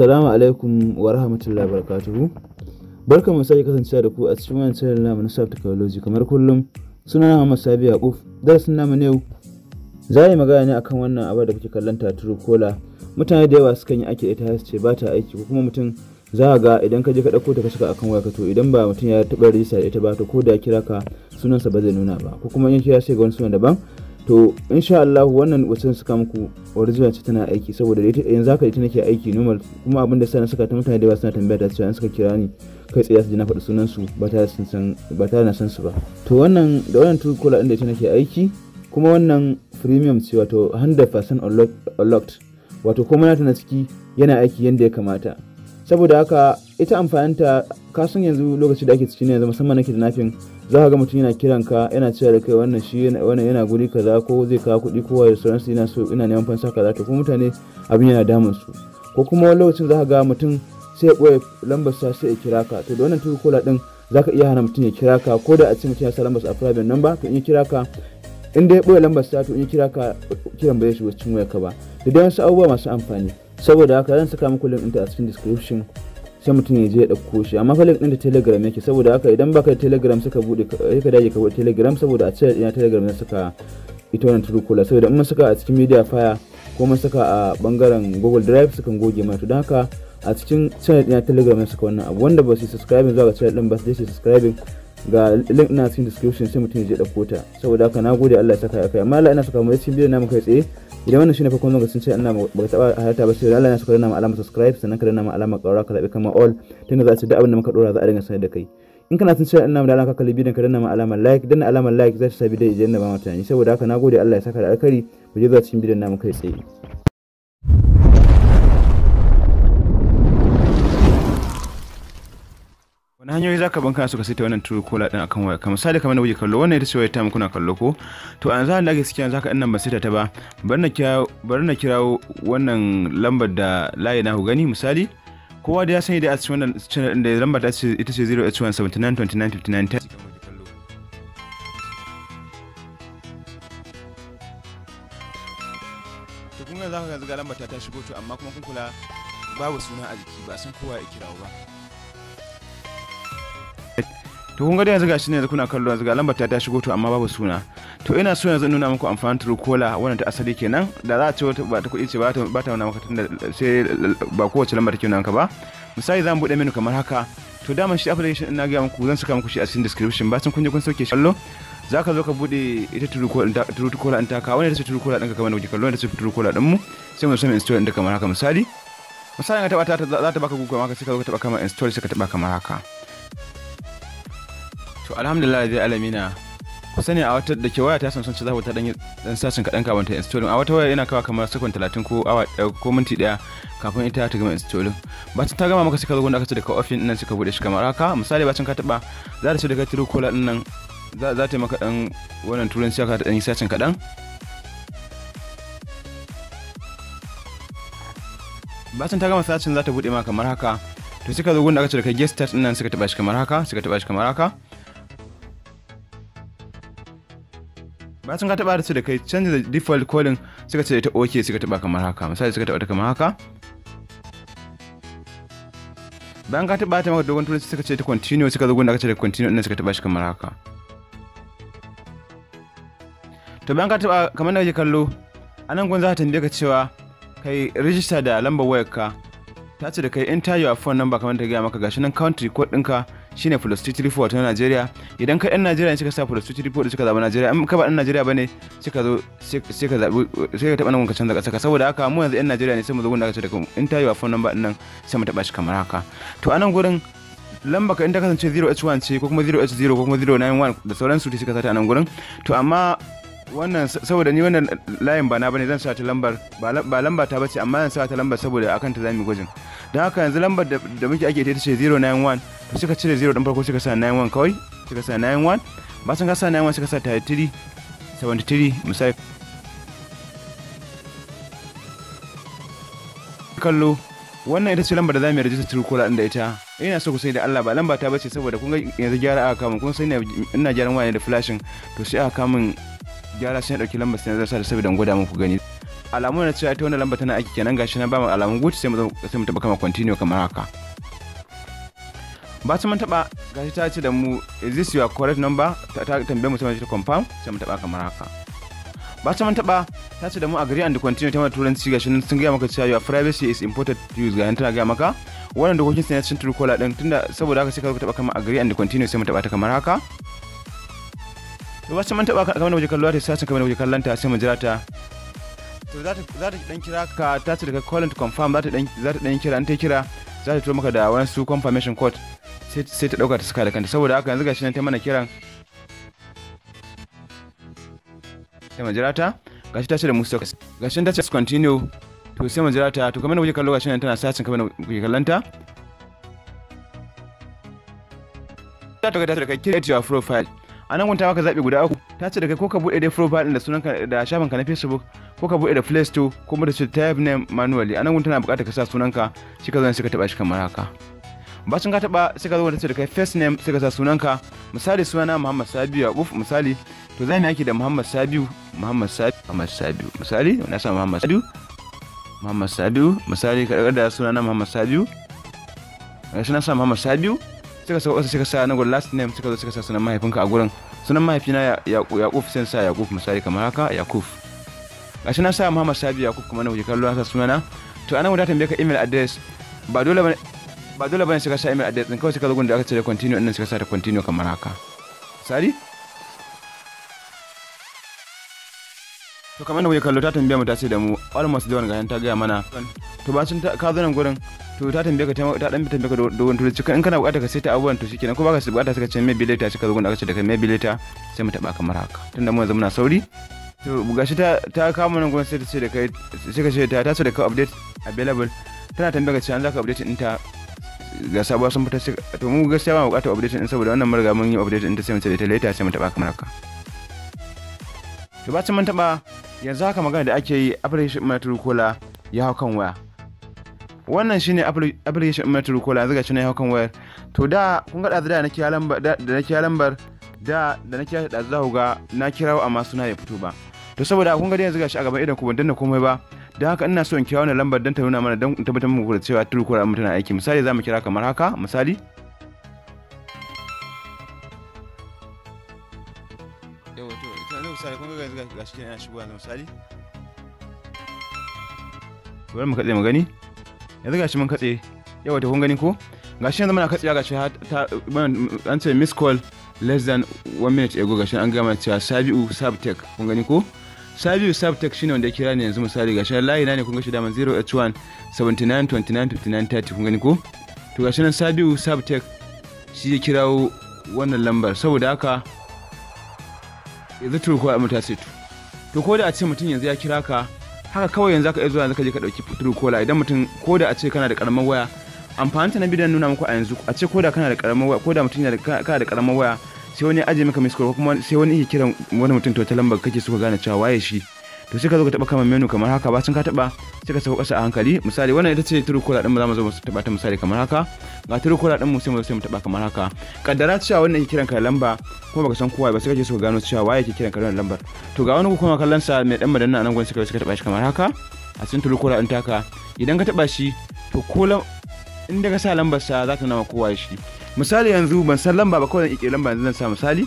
Assalamu alaikum wa rahmatullahi wa barakatuhu. Barkan mu sake kasancewa da ku a cikin wannan shirin namu na Soft Technology kamar kullum. Suna na Muhammad Sabi Yaqub. Darasin namu na yau za yi magana ne akan wannan abu da kuke kallon ta kola Mutane da yawa sukan yi ake ita su ce ba ta aiki ko kuma mutum za ga idan ka je ka dauko ta ka shiga akan waya ka to idan ba mutum ya taba rijista da ita ba to ko da kira ka sunansa ba zai nuna ba ko kuma in kira sai ga wani sunan daban to insha Allah wannan wasan suka muku original ce tana aiki saboda yanzu haka ita nake aiki normal kuma abin da sana suka ta mutane da ba suna tambaya ta cewa an suka kira ni kai tsaye su ji na faɗi sunan su ba ta sun san ba ta na san su ba to wannan da wannan true caller inda ita ke aiki kuma wannan premium ce wato 100% unlocked wato kuma na ta na ciki yana aiki yadda ya kamata saboda haka ita amfaninta ka san yanzu lokaci da ake ciki ne yanzu musamman nake da nafin za ka ga mutum yana kiran ka yana cewa da kai wannan shi wannan yana guri kaza ko zai kawo kuɗi ko wani sauransu yana so ina neman fansa kaza to kuma mutane abin yana damun su ko kuma wani lokacin za ka ga mutum sai ya ɓoye lambar sa sai ya kira ka to da wannan tuku kola din za ka iya hana mutum ya kira ka ko da a ce mutum ya sa lambar sa a private number to in ya kira ka in dai ɓoye lambar sa to in ya kira ka kiran ba zai shiga cikin waya ka ba da dai wasu abubuwa masu amfani saboda haka zan saka muku link ɗinta a cikin description sai mutum ya je ya ɗauko shi amma fa ɗin da telegram yake saboda haka idan baka da telegram suka bude ka dage ka buɗe telegram saboda a cire ina telegram na suka ita wannan caller saboda in mun suka a cikin media fire ko mun suka a bangaren google drive sukan goge mana to don haka a cikin channel ɗin telegram na suka wannan abu wanda ba su subscribe zuwa ga channel ɗin ba su je su subscribe ga link na cikin description sai mutum je dauko ta saboda haka na gode Allah ya saka ya kai amma Allah ina saka mu cikin bidiyon namu kai tsaye idan wannan shine farkon zanga sun ce ina ba taba halarta ba sai Allah ya saka na alamar subscribe sannan ka mu alamar ƙaura ka zabi kamar all tunda za su da abin da muka dora za a dinga sanar da kai in kana sun ce ina da alaka kalli bidiyon ka danna alamar like danna alamar like za ta sa bidiyon idan na ba mutane saboda haka na gode Allah ya saka da alkhairi mu je zuwa cikin bidiyon namu kai tsaye na hanyoyi za ka banka su ka saita wannan turu kola ɗin akan waya kamar misali kamar na wuce kallo wannan ita ce wayar tamu kuna kallo ko to an za a lage sikiyan za ka ɗan nan ba saita ta ba bari na kira wannan lambar da layi na ku gani misali kowa da ya sani da a cikin wannan channel ɗin da lambar ta ce ita ce 1 79 29 59 kun kuma za ka ga lambar ta shigo to amma kuma kun kula babu suna a jiki ba san kowa ya kirawo ba to kun ga yanzu gashi ne yanzu kuna kallo yanzu ga lambar ta ta shigo to amma babu suna to ina so yanzu nuna muku amfanin trucola wannan ta asali kenan da za a ce ba ta kuɗi ce ba ta ba ta nuna maka tunda sai ba kowace lambar take nuna ka ba misali zan buɗe menu kamar haka to daman shi application ina ga muku zan saka muku shi a cikin description ba kun je kun sauke shi kallo za ka zo ka bude ita turukola ta ka wani da su turukola ɗin ka kamar da kuke kallo wani da su turukola din mu sai mu sami install din kamar haka misali misali ka taɓa ta za ta baka google maka sai ka zo ka taba kamar install sai ka taba kamar haka to alhamdulillah zai alamina ku sani a wata da ke waya ta samsung ce za ku ta dan sashin kadan kafin ta installing a wata waya yana kawa kamar sakon 30 ko awa ko minti daya kafin ita ta gama installing bacin ta gama maka suka ka zo aka ce daga ofin nan suka bude shi kamar haka misali bacin ka taba za ta ce daga tiro kola din nan za ta yi maka dan wannan turanci ka ta dan yi sashin kadan bacin ta gama sashin za ta bude ma kamar haka to suka zo gun da aka ce daga guest ɗin nan suka taba shi kamar haka suka taba shi kamar haka bayan sun ka taba da su da kai canza default calling suka ce ta oke suka taba kamar haka misali suka taba ta kamar haka bayan ka taba ta maka dogon turanci suka ce ta continue suka zo gunda ka ce da continue ɗin suka taba shi kamar haka to bayan ka taba kamar da kake kallo a nan gun za ta tambaye ka cewa kai register da lambar wayarka ta ce da kai enter your phone number kamar ta gaya maka gashi nan country code ɗinka shine plus 234 ta Najeriya idan ka ɗan Najeriya ne suka sa plus 234 suka zaba Najeriya in ka ba ɗan Najeriya bane suka zo sai ka zabi ka nan ka canza kasa saboda haka mu yanzu ɗan Najeriya ne sai mu zo wanda aka ce da kuma in wa phone number din nan sai mu taɓa shi kamar haka to nan gurin lamba ka in ta kasance 0h1 ce ko kuma 0h0 ko kuma 091 da sauransu ta suka sata a nan gurin to amma wannan saboda ni wannan layin ba na bane zan sa ta lambar ba lamba ta bace amma zan sa ta lambar saboda akan ta zamu gwajin don haka yanzu lambar da muke ake ita ce 091 to ka cire 0 ɗan farko suka ka sa 1 kawai suka sa 9-1 ba sun ka sa 9-1 ka sa 33 73 misali kallo wannan ita ce lambar da za mu rajista turu din da ita ina so ku sai da Allah ba lamba ta bace saboda kun ga yanzu gyara aka kama kun sai ina gyaran wani da flashing to sai aka kama gyara sai dauki lambar sai na sa da saboda gwada muku gani alamu na cewa ita wannan lamba tana aiki kenan gashi na ba mu alamun good sai mu sai mu taba kama continue kamar haka ba ta mun taba gashi ta ce da mu is this your correct number ta tambaye mu sai ta confirm sai mu taba kamar haka ba ta mun taba ta ce da mu agree and continue ta mana turanci gashi sun gaya maka cewa your privacy is important to use gashi tana gaya maka wannan dokokin sai sun turu kola din tunda saboda haka sai ka taba kamar agree and continue sai mu taba ta kamar haka to ba ta mun taba kamar waje kallo ta sai kamar da waje ta sai mun jira ta to za ta dan kira ka ta ce daga call to confirm za ta dan kira an ta kira za ta turo maka da wani su confirmation code sai ta ɗauka ta saka da kanta saboda haka yanzu gashi nan ta mana kiran sai majira gashi ta ce da musu gashi ta ce continue to sai majira to kamar da kuke kallo gashi nan tana sacin kamar da kuke kallanta ta ta ta da kai create your profile a nan gunta maka zabi guda uku ta ce da kai ko ka bude dai profile din da sunan ka da shafin ka na Facebook ko ka bude da Play Store ko mu da su type name manually a nan gunta na buƙatar ka sa sunan ka shi ka zan shi ka taba shi kamar haka bacin ka taba sai ka zo wanda da kai first name sai ka sa sunanka misali sunana Muhammad Sabiu Yaqub misali to zai aiki da Muhammad Sabiu Muhammad Sabiu Muhammad Sabiu misali na sa Muhammad Sabiu Muhammad Sabiu misali ka daga da sunana Muhammad Sabiu gashi na sa Muhammad Sabiu sai ka sa wasu sai ka sa na gurin last name sai ka zo sai ka sa sunan mahaifinka a gurin sunan mahaifina Yaqub sai sa Yaqub misali kamar haka Yakuf gashi na sa Muhammad Sabiu Yaqub kuma na wuce kallo sa sunana to anan wadatar bai ka email address ba dole ba ba dole bane suka sa email a din kawai suka zo da aka ce da continue suka sa da continue kamar haka sari to kamar da kuke kallo ta tambaya mu ta ce da mu almost da wani ta gaya mana to ba sun ka zo nan gurin to ta tambaye ka ta dan tambaye ka dogon cikin in kana bukata ka sai ta abubuwan to shikenan ko baka bukata suka ce mai bilita suka zo gurin aka ce da kai me sai mu taba kamar haka tunda mu yanzu muna sauri to gashi ta ta kama nan gurin sai ta ce da kai sai ka ce ta ta so da kai update available tana tambaye ka ce an ka update ta. ga sabuwa sun fita sai to mu gaskiya ba mu bukatar updation din saboda wannan marga mun yi update din ta sai mun ce ta later sai mun taba kamar haka to sai mun taba yanzu haka magana da ake yi application mai turkola ya hau kan waya wannan shine application mai turkola yanzu ga shi ne ya hau kan wayar to da kun ga da da nake lambar da nake lambar da da nake da za ku ga na kirawo amma suna ya fito ba to saboda kun ga yanzu ga shi a gaban idan ku ban danna komai ba da haka ina son kira wannan lambar don ta nuna mana don tabbatar muku da cewa true caller na aiki misali za mu kira kamar haka misali yawa to ita na misali kun ga gashi yana shigowa na misali bari mu katse mu gani yanzu gashi mun katse yawa to kun gani ko gashi yanzu muna gashi an ce miss call less than one minute ago gashi an gama cewa sabi'u sabtech kun gani ko Sabiu Sabtek shine wanda ya kira ni yanzu misali shan layi na ne kun shi daman 081 79 29 59 30 kun gani ko to shi nan Sabiu Sabtek shi ya kirawo wannan lambar saboda haka yanzu turkuwa amma ta setu to ko da a ce mutum yanzu ya kira ka haka kawai yanzu aka iya zuwa yanzu ka je ka dauki kola idan mutum ko da a ce kana da karamar waya amfaninta na bidan nuna muku a yanzu a ce ko da kana da karamar waya ko da mutum yana da karamar waya sai wani ajiye maka miss ko kuma sai wani yake kiran wani mutum to ta lambar kake suka gane cewa waye shi to sai ka zo ka taba kama menu kamar haka ba sun ka taba sai ka sauka kasa a hankali misali wannan ita ce kola din mu za mu zo mu taba ta misali kamar haka ga kola din mu sai mu zo sai mu taba kamar haka kaddara cewa wannan yake kiran ka lamba kuma baka san kowa ba sai kaje so gano cewa waye yake kiran ka wannan lambar to ga wani kuma kallon sa mai dan madanna nan gwan sai ka taba shi kamar haka a cikin kola din taka idan ka taba shi to kola in daga sa lambar sa za ta nama kowa shi misali yanzu ban san lamba ba kawai zan ƙirƙiri lamba yanzu zan sa misali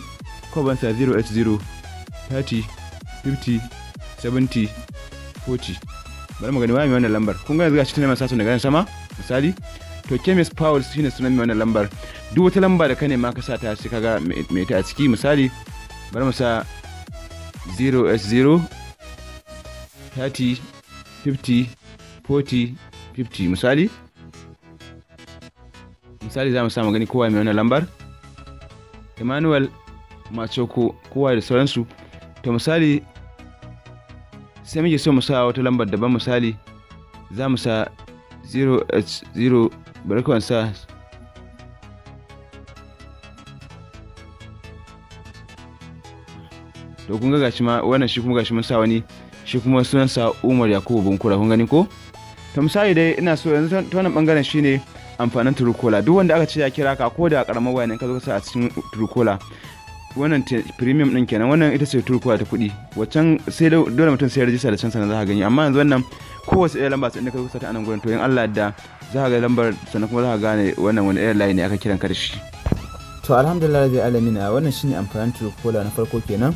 ko ban sa 0h0 30 50 70 40 bari mu gani waya mai wannan lambar kun ga yanzu gashi tana masa su daga sama misali to chemist power shine sunan mai wannan lambar duk wata lamba da ka nema ka sa ta sai kaga me ta a ciki misali bari mu sa 0h0 30 50 40 50 misali misali za mu samu gani kowa mai wannan lambar emmanuel machoko kowa da sauransu to misali sai muke so mu sa wata lambar daban misali za mu sa 0h0 eh, bari sa to kun ga gashi ma wannan shi kuma gashi mun sa wani shi kuma sunansa Umar Yakubu Bunkura kun gani ko ta misali dai ina so yanzu ta wannan bangaren shine amfanin turkola duk wanda aka ce ya kira ka ko da karamar waya ne ka zo ka sa a cikin turkola wannan premium din kenan wannan ita ce turkola ta kuɗi waccan sai dole mutum sai rajista da can sannan za ka gani amma yanzu wannan kowace ɗaya lamba su inda ka kusa ta anan gurin to in Allah da za ka ga lambar sannan kuma za ka gane wannan wani airline layi ne aka kiran ka da shi to alhamdulillah rabbil alamin wannan shine amfanin turkola na farko kenan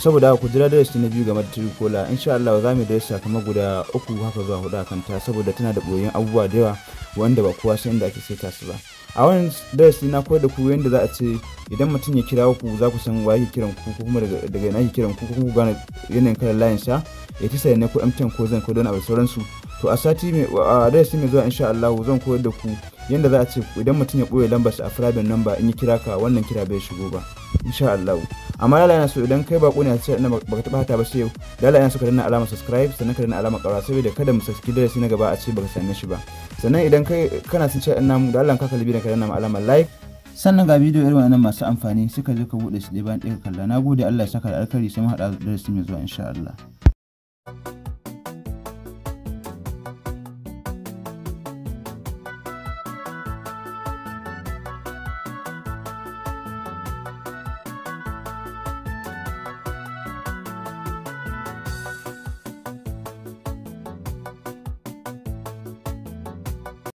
saboda ku jira darasi na biyu game da Tricola insha Allah za mu yasa kamar guda uku haka zuwa hudu akan ta saboda tana da boyen abubuwa da yawa wanda ba kowa sai inda ake saita su ba a wannan darasi na koyar da ku yadda za a ce idan mutum ya kira ku za ku san wa yake kiran ku ko kuma daga ina yake kiran ku ko kuma gane yanayin kalar layin sa ya ci sayan ne ko MTN ko zan ko don abu sauransu to a sati a darasi mai zuwa insha Allah zan koyar da ku yadda za a ce idan mutum ya ɓoye lambar sa a firabin number in ya kira ka wannan kira bai shigo ba insha Allah amma lala yana so idan kai bako ne a cikin ba ka taba hata ba sai lala yana so ka danna alamar subscribe sannan ka danna alamar ƙara saboda kada mu saki darasi na gaba a ce baka same shi ba sannan idan kai kana son cewa mu da Allah ka kalli da ka danna alamar like sannan ga bidiyo irin wannan masu amfani suka je ka bude shi bayan ɗaya kalla na gode Allah ya saka da alkhairi sai mu haɗa darasi mai zuwa insha Allah.